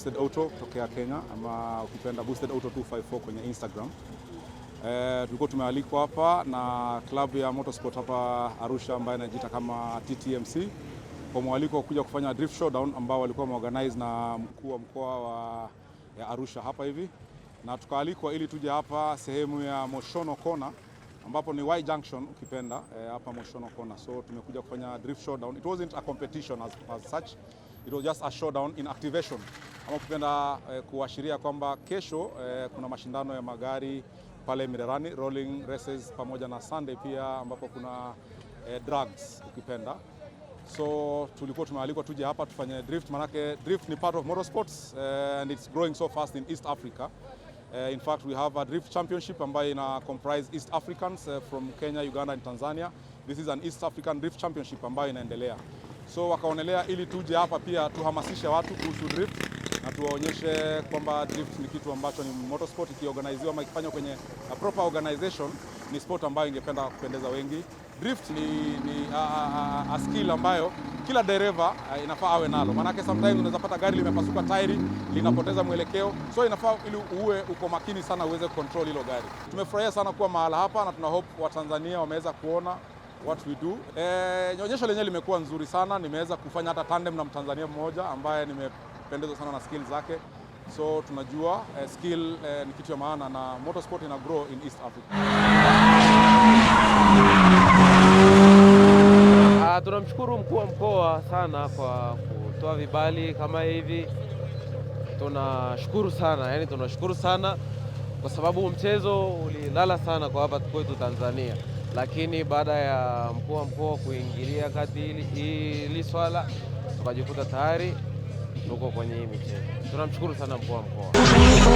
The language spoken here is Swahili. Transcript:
Boosted Auto tokea Kenya ama ukipenda Boosted Auto 254 kwenye Instagram. Eh, tulikuwa tumealikwa hapa na klabu ya motorsport hapa Arusha ambayo inajiita kama TTMC kwa mwaliko wa kuja kufanya drift showdown ambao walikuwa wameorganize na mkuu wa mkoa wa ya Arusha hapa hivi, na tukaalikwa ili tuje hapa sehemu ya Moshono Kona ambapo ni Y Junction ukipenda eh, hapa Moshono Kona. So tumekuja kufanya drift showdown. It wasn't a competition as, as such. It was just a showdown in activation ama kupenda e, eh, kuashiria kwamba kesho e, kuna mashindano ya magari pale Mererani rolling races pamoja na Sunday pia ambapo kuna e, drugs ukipenda. So tulikuwa tunaalikwa tuje hapa tufanye drift, manake drift ni part of motorsports e, and it's growing so fast in East Africa. Uh, in fact we have a drift championship ambayo ina comprise East Africans uh, from Kenya, Uganda and Tanzania. This is an East African drift championship ambayo inaendelea. So wakaonelea ili tuje hapa pia tuhamasishe watu kuhusu drift na tuwaonyeshe kwamba drift ni kitu ambacho ni motorsport, ikiorganiziwa ama ikifanywa kwenye proper organization, ni sport ambayo ingependa kupendeza wengi. Drift ni, ni a, a, a skill ambayo kila dereva inafaa awe nalo, maanake sometimes unaweza pata gari limepasuka tairi linapoteza mwelekeo, so inafaa ili uwe uko makini sana uweze control hilo gari. Tumefurahia sana kuwa mahala hapa na tuna hope Watanzania wameweza kuona what we do. Eh, onyesho lenyewe limekuwa nzuri sana, nimeweza kufanya hata tandem na Mtanzania mmoja ambaye nime tunapendezwa sana na skill zake, so tunajua eh, skill eh, ni kitu ya maana na motorsport ina grow in East Africa. Ah, tunamshukuru mkuu wa mkoa sana kwa kutoa vibali kama hivi, tunashukuru sana yani, tunashukuru sana kwa sababu mchezo ulilala sana kwa hapa kwetu Tanzania, lakini baada ya mkuu wa mkoa kuingilia kati hili swala tukajikuta tayari 로고 권님 이제 드럼 축으로 사는 보안보안